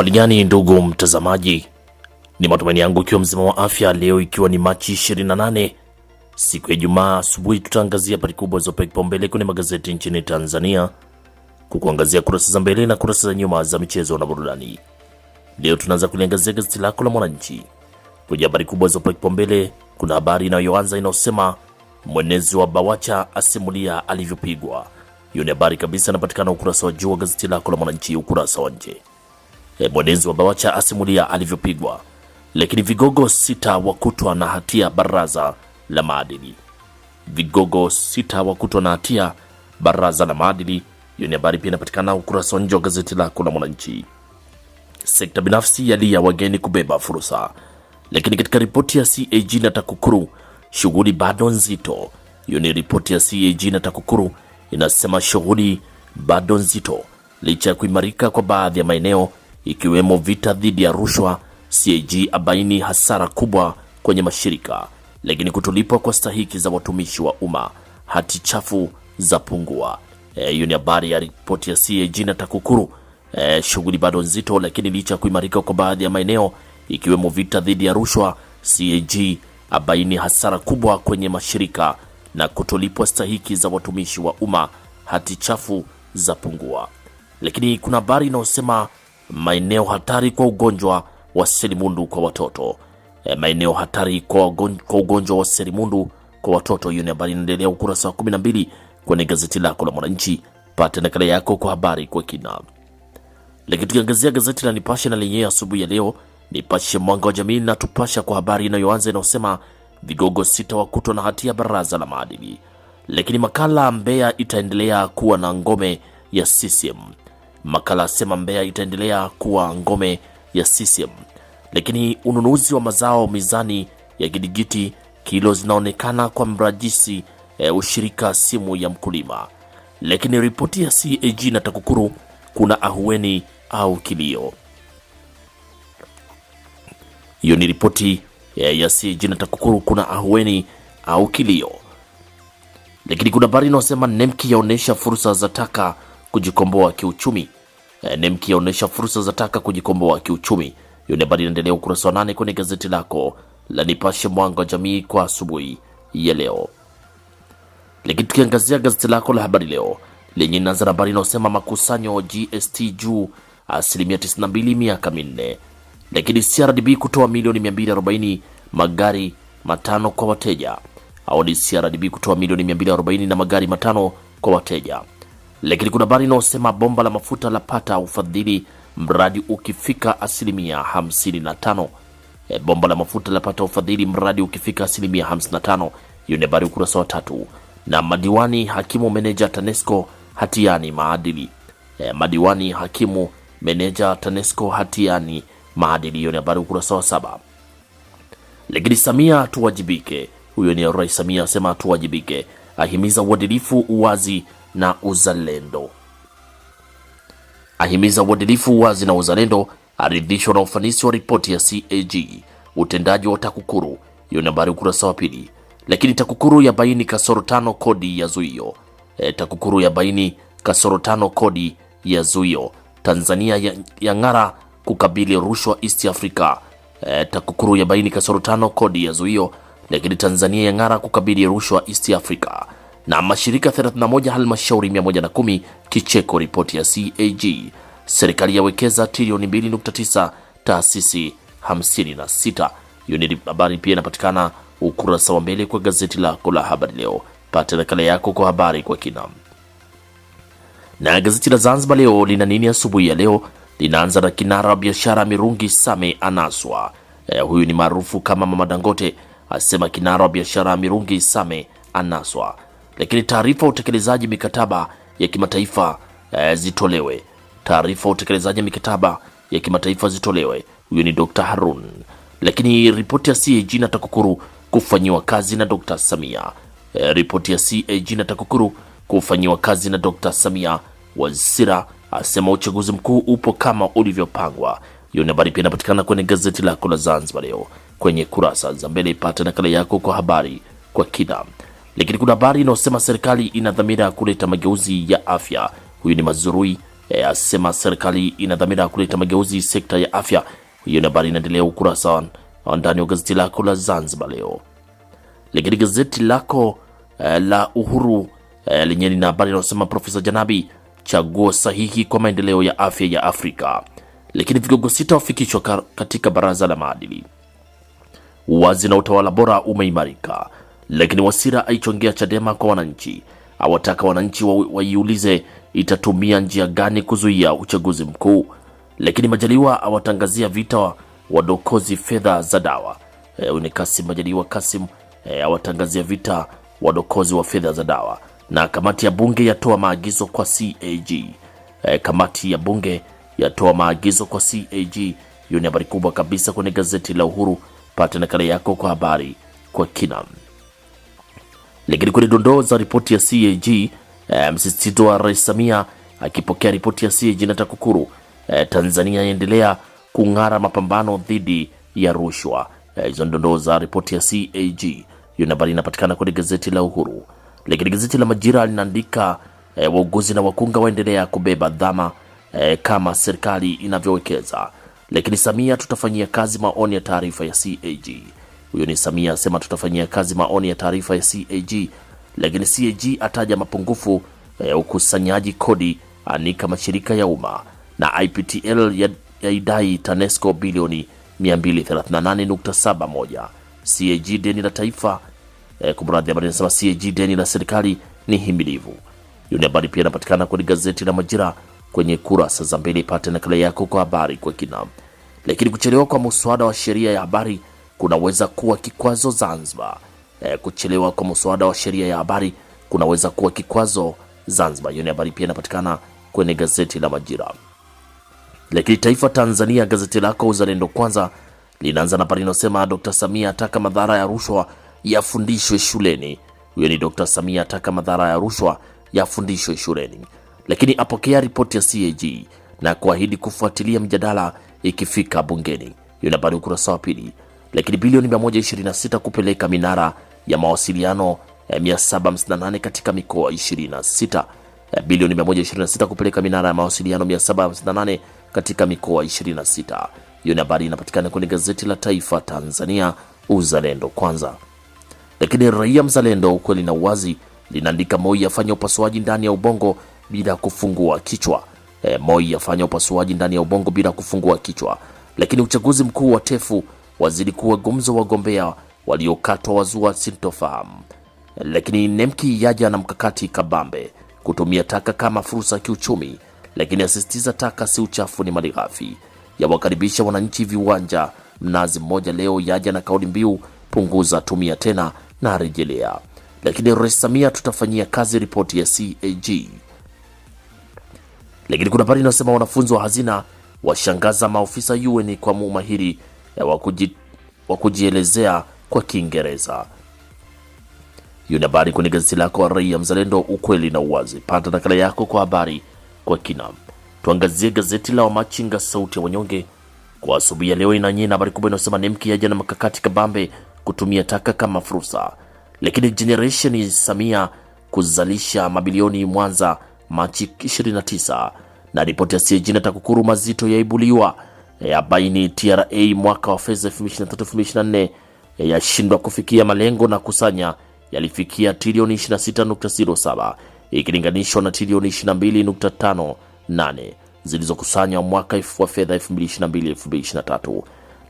Waligani ndugu mtazamaji, ni matumaini yangu ikiwa mzima wa afya leo, ikiwa ni Machi 28 siku ya Ijumaa asubuhi, tutaangazia habari kubwa zopewa kipaumbele kwenye magazeti nchini Tanzania, kukuangazia kurasa za mbele na kurasa za nyuma za michezo na burudani. Leo tunaanza kuliangazia gazeti lako la Mwananchi kwenye habari kubwa zopewa kipaumbele. Kuna habari inayoanza inayosema mwenezi wa Bawacha asimulia alivyopigwa. Hiyo ni habari kabisa, inapatikana ukurasa wa juu wa gazeti lako la Mwananchi, ukurasa wa nje Mwenezi eh, wa BAWACHA asimulia alivyopigwa, lakini vigogo sita wakutwa na hatia baraza la maadili. Vigogo sita wakutwa na hatia baraza la maadili. Hiyo ni habari pia inapatikana ukurasa wa nje wa gazeti lako la Mwananchi. Sekta binafsi yalia wageni kubeba fursa, lakini katika ripoti ya CAG na TAKUKURU shughuli bado nzito. Hiyo ni ripoti ya CAG na TAKUKURU inasema shughuli bado nzito licha ya kuimarika kwa baadhi ya maeneo ikiwemo vita dhidi ya rushwa. CAG abaini hasara kubwa kwenye mashirika, lakini kutolipwa kwa stahiki za watumishi wa umma, hati chafu za pungua. Eh, hiyo e, ni habari ya ripoti ya CAG na TAKUKURU. E, shughuli bado nzito, lakini licha ya kuimarika kwa baadhi ya maeneo ikiwemo vita dhidi ya rushwa, CAG abaini hasara kubwa kwenye mashirika na kutolipwa stahiki za watumishi wa umma, hati chafu za pungua. Lakini kuna habari inayosema maeneo hatari kwa ugonjwa wa selimundu kwa watoto e, maeneo hatari kwa ugonjwa wa selimundu kwa watoto. Hiyo ni habari inaendelea ukurasa wa 12 kwenye gazeti lako la Mwananchi. Pata nakala yako kwa habari kwa kina. Lakini tukiangazia gazeti la Nipashe na lenyewe asubuhi ya leo, Nipashe Mwanga wa Jamii na tupasha kwa habari inayoanza inayosema vigogo sita wakutwa na hatia baraza la maadili. Lakini makala Mbeya itaendelea kuwa na ngome ya CCM Makala sema Mbeya itaendelea kuwa ngome ya CCM, lakini ununuzi wa mazao mizani ya gidigiti kilo zinaonekana kwa mrajisi e, ushirika simu ya mkulima. Lakini ripoti ya CAG na TAKUKURU kuna ahueni au kilio? Hiyo ni ripoti e, ya CAG na TAKUKURU kuna ahueni au kilio. Lakini kuna habari inayosema NEMKI yaonesha fursa za taka kujikomboa kiuchumi. Eh, NEMC yaonyesha fursa za taka kujikomboa kiuchumi. Hiyo ni habari inaendelea ukurasa wa nane kwenye gazeti lako la Nipashe Mwanga wa Jamii kwa asubuhi ya leo. Lakini tukiangazia gazeti lako la Habari Leo lenye inaanza na habari inayosema makusanyo GST juu asilimia 92 miaka minne. Lakini CRDB kutoa milioni 240 magari matano kwa wateja. Au ni CRDB kutoa milioni 240 na magari matano kwa wateja. Lakini kuna habari inayosema bomba la mafuta lapata ufadhili, mradi ukifika asilimia 55. E, bomba la mafuta lapata ufadhili, mradi ukifika asilimia 55. Hiyo ni habari ukurasa wa tatu. Na madiwani hakimu meneja TANESCO hatiani maadili. E, madiwani hakimu meneja TANESCO hatiani maadili. Hiyo ni habari ukurasa wa saba. Lakini Samia tuwajibike, huyo ni Rais Samia asema tuwajibike, ahimiza uadilifu, uwazi na uzalendo. Ahimiza uadilifu, wazi na uzalendo. Aridhishwa na ufanisi wa ripoti ya CAG utendaji wa TAKUKURU. Hiyo nambari ukurasa wa pili. Lakini TAKUKURU ya baini kasoro tano kodi ya zuio. E, TAKUKURU ya baini kasoro tano kodi ya zuio. Tanzania ya, ya ng'ara kukabili rushwa East Africa. E, TAKUKURU ya baini kasoro tano kodi ya zuio. Lakini Tanzania ya ng'ara kukabili rushwa East Africa na mashirika 31 halmashauri 110 kicheko. Ripoti ya CAG, serikali yawekeza trilioni 2.9 taasisi 56. Hiyo ni habari pia inapatikana ukurasa wa mbele kwa gazeti lako la habari leo. Pata nakala yako kwa habari kwa kina. Na gazeti la Zanzibar leo lina nini asubuhi ya leo? Linaanza na kinara wa biashara Mirungi Same anaswa. E, huyu ni maarufu kama Mama Dangote asema kinara wa biashara Mirungi Same anaswa lakini taarifa utekelezaji mikataba ya kimataifa eh, zitolewe. Taarifa utekelezaji mikataba ya kimataifa zitolewe. Huyo ni Dr. Harun. Lakini ripoti ya CAG na TAKUKURU kufanyiwa kazi na Dr. Samia. Eh, ripoti ya CAG na TAKUKURU kufanyiwa kazi na Dr. Samia. Wasira asema uchaguzi mkuu upo kama ulivyopangwa. Hiyo ni habari pia inapatikana kwenye gazeti lako la Zanzibar leo kwenye kurasa za mbele. Ipate nakala yako kwa habari kwa kina. Lakini kuna habari inayosema serikali ina dhamira ya kuleta mageuzi ya afya. Huyu ni Mazurui e, asema serikali ina dhamira ya kuleta mageuzi sekta ya afya. Hiyo ni habari inaendelea ukurasa wa ndani wa gazeti lako la Zanzibar Leo. Lakini gazeti lako e, la Uhuru e, lenye lina habari inayosema Profesa Janabi, chaguo sahihi kwa maendeleo ya afya ya Afrika. Lakini vigogo sita wafikishwa katika baraza la maadili. Uwazi na utawala bora umeimarika lakini Wasira aichongea Chadema kwa wananchi, awataka wananchi waiulize wa itatumia njia gani kuzuia uchaguzi mkuu. Lakini Majaliwa awatangazia vita wadokozi fedha za dawa. E, huyu ni Kasim Majaliwa Kasim e, awatangazia vita wadokozi wa fedha za dawa. Na kamati ya bunge yatoa maagizo kwa CAG. E, kamati ya bunge yatoa maagizo kwa CAG. Hiyo ni habari kubwa kabisa kwenye gazeti la Uhuru. Pata nakala yako kwa habari kwa kina. Lakini kwenye dondoo za ripoti ya CAG, e, eh, msisitizo wa Rais Samia akipokea ripoti ya CAG na TAKUKURU, e, Tanzania yaendelea kung'ara mapambano dhidi ya rushwa. Eh, hizo e, dondoo za ripoti ya CAG. Hiyo habari inapatikana kwenye gazeti la Uhuru. Lakini gazeti la Majira linaandika e, wauguzi na wakunga waendelea kubeba dhama e, kama serikali inavyowekeza. Lakini Samia tutafanyia kazi maoni ya taarifa ya CAG. Huyo ni Samia asema tutafanyia kazi maoni ya taarifa ya CAG, lakini CAG ataja mapungufu ya eh, ukusanyaji kodi, anika mashirika ya umma na IPTL ya, ya idai TANESCO bilioni 238.71. CAG deni la taifa eh, kumradhi, habari inasema CAG deni la serikali ni himilivu. Hiyo ni habari pia inapatikana kwenye gazeti la Majira kwenye kurasa za mbili pate nakala yako kwa habari kwa kina. Lakini kuchelewa kwa muswada wa sheria ya habari kunaweza kuwa kikwazo Zanzibar. E, kuchelewa kwa mswada wa sheria ya habari kunaweza kuwa kikwazo Zanzibar. Hiyo ni habari pia inapatikana kwenye gazeti la Majira. Lakini Taifa Tanzania, gazeti lako Uzalendo Kwanza, linaanza na habari inayosema Dr. Samia ataka madhara ya rushwa yafundishwe shuleni. Huyo ni Dr. Samia ataka madhara ya rushwa yafundishwe shuleni, lakini apokea ripoti ya CAG na kuahidi kufuatilia mjadala ikifika bungeni. Hiyo ni habari ukurasa wa pili lakini bilioni 126 kupeleka minara ya mawasiliano 758 eh, katika mikoa 26. Eh, bilioni 126 kupeleka minara ya mawasiliano 758 katika mikoa 26. Hiyo ni habari inapatikana kwenye gazeti la Taifa Tanzania Uzalendo Kwanza. Lakini Raia Mzalendo, ukweli na uwazi, linaandika Moi afanya upasuaji ndani ya ubongo bila kufungua kichwa. E, Moi afanya upasuaji ndani ya ubongo bila kufungua kichwa. Lakini uchaguzi mkuu wa tefu wazidi kuwa gumzo, wagombea waliokatwa wazua sintofahamu. Lakini Nemki yaja na mkakati kabambe kutumia taka kama fursa ya kiuchumi, lakini asisitiza taka si uchafu, ni mali ghafi. Yawakaribisha wananchi viwanja Mnazi Mmoja leo. Yaja na kauli mbiu punguza, tumia tena na rejelea. Lakini Rais Samia, tutafanyia kazi ripoti ya CAG. Lakini kuna habari inayosema wanafunzi wa hazina washangaza maofisa UN kwa umahiri wa kujielezea kwa Kiingereza. Hiyo ni habari kwenye gazeti lako Raia Mzalendo, ukweli na uwazi. Pata nakala yako kwa habari kwa kina. Tuangazie gazeti la Wamachinga, sauti ya wanyonge kwa asubuhi ya leo, inanyie na habari kubwa inayosema nemki yaja na makakati kabambe kutumia taka kama fursa, lakini generation Samia kuzalisha mabilioni Mwanza Machi 29 na ripoti ya CAG na TAKUKURU mazito yaibuliwa baini TRA mwaka wa fedha 2023/2024 yashindwa kufikia malengo na kusanya yalifikia trilioni 26.07 ikilinganishwa na trilioni 22.58 zilizokusanywa mwaka wa fedha 2022/2023.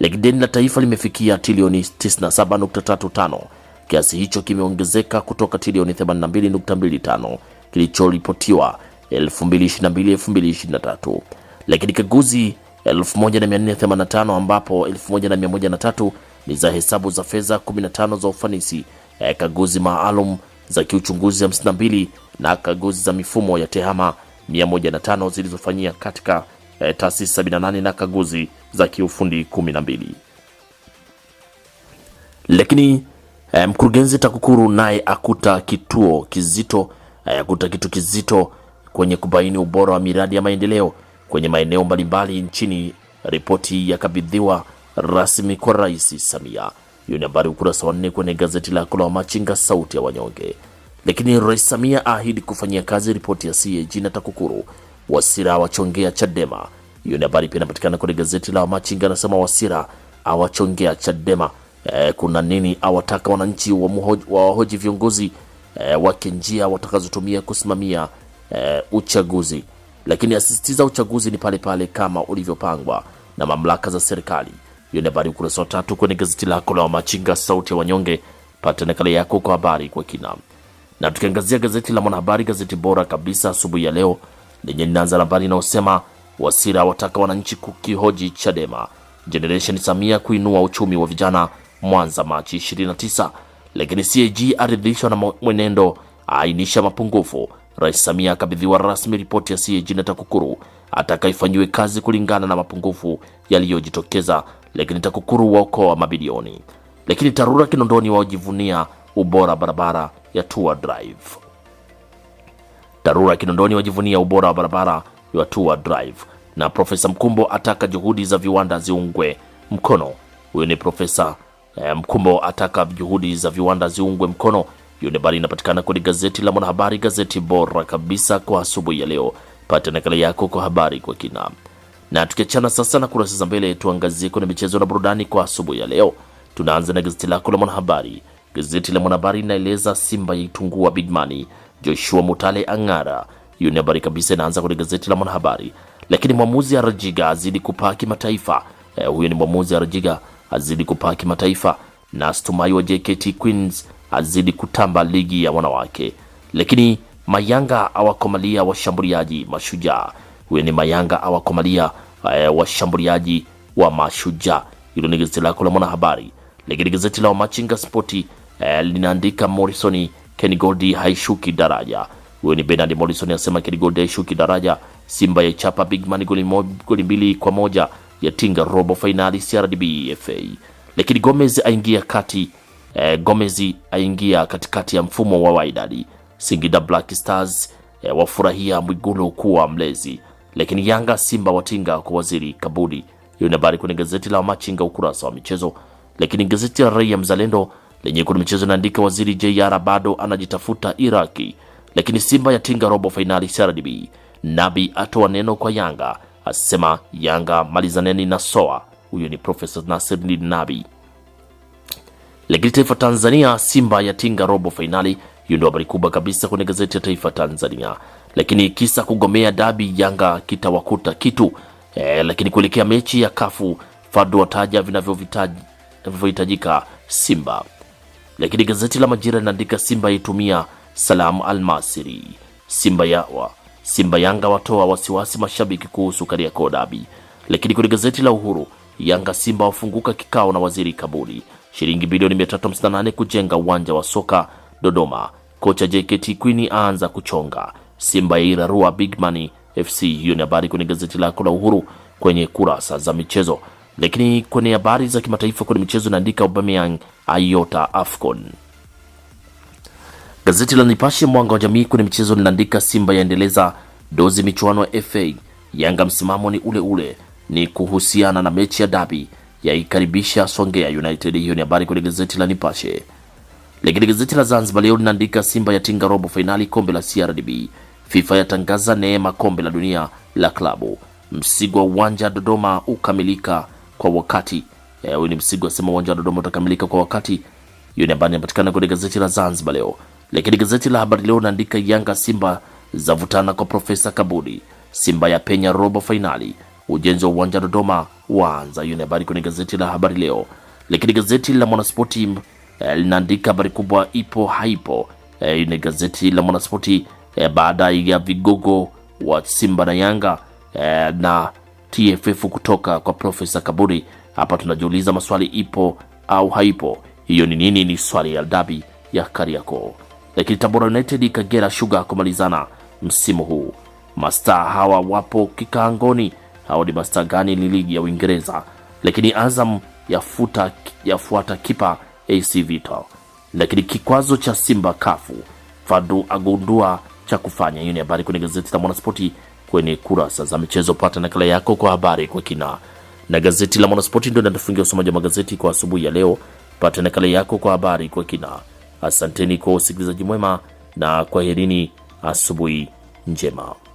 Lakini deni la taifa limefikia trilioni 97.35. Kiasi hicho kimeongezeka kutoka trilioni 82.25 kilichoripotiwa 2022/2023. Lakini kaguzi 1485 ambapo 1103 ni za hesabu za fedha 15 za ufanisi, eh, kaguzi maalum za kiuchunguzi 52 na kaguzi za mifumo ya tehama 105 zilizofanyia katika eh, taasisi 78 na kaguzi za kiufundi 12. Lakini eh, mkurugenzi TAKUKURU naye akuta kituo kizito eh, akuta kitu kizito kwenye kubaini ubora wa miradi ya maendeleo kwenye maeneo mbalimbali nchini. Ripoti yakabidhiwa rasmi kwa Rais Samia. Hiyo ni habari ukurasa wa nne kwenye gazeti lako la Wamachinga, sauti ya wanyonge. Lakini Rais Samia ahidi kufanyia kazi ripoti ya CAG na TAKUKURU. Wasira awachongea Chadema. Hiyo ni habari pia inapatikana kwenye gazeti la Wamachinga, anasema Wasira awachongea Chadema. E, kuna nini? Awataka wananchi wawahoji viongozi e, wake njia watakazotumia kusimamia e, uchaguzi lakini asisitiza uchaguzi ni pale pale kama ulivyopangwa na mamlaka za serikali. Hiyo ni habari ukurasa wa tatu kwenye gazeti lako la Wamachinga, sauti ya wanyonge. Pata nakala yako kwa habari kwa kina. Na tukiangazia gazeti la Mwanahabari, gazeti bora kabisa asubuhi ya leo, lenye linaanza na habari inayosema Wasira wataka wananchi kukihoji Chadema, Generation Samia kuinua uchumi wa vijana Mwanza Machi 29. Lakini CAG aridhishwa na mwenendo, aainisha mapungufu Rais Samia akabidhiwa rasmi ripoti ya CAG na TAKUKURU atakaifanyiwe kazi kulingana na mapungufu yaliyojitokeza, lakini TAKUKURU waokoa mabilioni. Lakini TARURA Kinondoni wajivunia ubora barabara ya Tour Drive. TARURA Kinondoni wajivunia ubora wa barabara ya Tour Drive, na Profesa Mkumbo ataka juhudi za viwanda ziungwe mkono. Huyu ni Profesa eh, Mkumbo ataka juhudi za viwanda ziungwe mkono hiyo ni habari inapatikana kwenye gazeti la Mwanahabari, gazeti bora kabisa kwa asubuhi ya leo. Pata nakala yako kwa habari kwa kina. Na tukiachana sasa na kurasa za mbele, tuangazie kwenye michezo na burudani kwa asubuhi ya leo. Tunaanza na gazeti lako la Mwanahabari. Gazeti la Mwanahabari inaeleza Simba yaitungua Bidmani, Joshua Mutale ang'ara. Hiyo ni habari kabisa, inaanza kwenye gazeti la Mwanahabari. Lakini mwamuzi Arajiga azidi kupaa kimataifa. Eh, huyo ni mwamuzi Arajiga azidi kupaa kimataifa. Na Stumai wa JKT Queens azidi kutamba ligi ya wanawake, lakini Mayanga awakomalia washambuliaji Mashujaa. Huyo ni Mayanga awakomalia e, eh, washambuliaji wa Mashujaa. Hilo ni gazeti lako la Mwanahabari, lakini gazeti la Wamachinga Spoti e, eh, linaandika Morrison Kenigoldi haishuki daraja. Huyo ni Bernard Morrison anasema Kenigoldi haishuki daraja. Simba ya chapa Man goli mbili kwa moja ya tinga robo fainali CRDB FA. Lakini Gomez aingia kati e, eh, Gomezi aingia katikati ya mfumo wa Wydad. Singida Black Stars e, wafurahia Mwigulu kuwa mlezi, lakini Yanga Simba watinga kwa waziri Kabudi. Hiyo ni habari kwenye gazeti la Machinga ukurasa wa michezo, lakini gazeti la Raia Mzalendo lenye kuna michezo inaandika waziri JR bado anajitafuta Iraki, lakini Simba yatinga robo fainali CRDB. Nabi atoa neno kwa Yanga asema Yanga malizaneni na soa. Huyo ni Profesa Nasir Nabi. Lakini taifa Tanzania, Simba yatinga robo fainali. Hiyo ndio habari kubwa kabisa kwenye gazeti ya Taifa Tanzania. Lakini kisa kugomea dabi, Yanga kitawakuta kitu e. Lakini kuelekea mechi ya kafu, Fadu wataja vinavyohitajika Simba. Lakini gazeti la Majira linaandika Simba itumia Salamu Almasiri, Simba yawa Simba Yanga watoa wasiwasi mashabiki kuhusu Kariakoo dabi. Lakini kwenye gazeti la Uhuru, Yanga Simba wafunguka kikao na waziri Kabuli shilingi bilioni 358 kujenga uwanja wa soka Dodoma. Kocha JKT Queen aanza kuchonga Simba yairarua Money FC. Hiyo ni habari kwenye gazeti lako la Uhuru kwenye kurasa za michezo, lakini kwenye habari za kimataifa kwenye michezo inaandika Aubameyang aiota Afcon. Gazeti la Nipashe mwanga wa jamii kwenye michezo linaandika Simba yaendeleza dozi michuano ya FA, Yanga msimamo ni ule ule, ni kuhusiana na mechi ya dabi yaikaribisha Songea United. Hiyo ni habari kwenye gazeti la Nipashe. Lakini gazeti la Zanzibar Leo linaandika Simba yatinga robo fainali kombe la CRDB, FIFA yatangaza neema kombe la dunia la klabu, msigo wa uwanja Dodoma ukamilika kwa wakati. Eh, huyu ni msigo asema uwanja wa Dodoma utakamilika kwa wakati. Hiyo ni habari inapatikana kwenye gazeti la Zanzibar Leo. Lakini gazeti la Habari Leo linaandika Yanga Simba zavutana kwa Profesa Kabudi, Simba yapenya robo fainali ujenzi wa uwanja Dodoma waanza. Hiyo ni habari kwenye gazeti la Habari Leo, lakini gazeti la Mwanaspoti eh, linaandika habari kubwa ipo haipo. Eh, hiyo ni gazeti la Mwanaspoti eh, baada ya vigogo wa Simba na Yanga na TFF kutoka kwa Profesa Kaburi. Hapa tunajiuliza maswali, ipo au haipo? Hiyo ni nini? Ni swali ya dabi ya Kariakoo. Lakini Tabora United Kagera Sugar kumalizana msimu huu, mastaa hawa wapo kikaangoni au ni masta gani ni ligi ya Uingereza, lakini Azam yafuta yafuata kipa AC Vito. Lakini kikwazo cha Simba kafu Fadu agundua cha kufanya. Hiyo ni habari kwenye gazeti la Mwanaspoti kwenye kurasa za michezo. Pata nakala yako kwa habari kwa kina na gazeti la Mwanaspoti. Ndio natufungia usomaji wa magazeti kwa asubuhi ya leo. Pata nakala yako kwa habari kwa kina. Asanteni kwa usikilizaji mwema na kwaherini, asubuhi njema.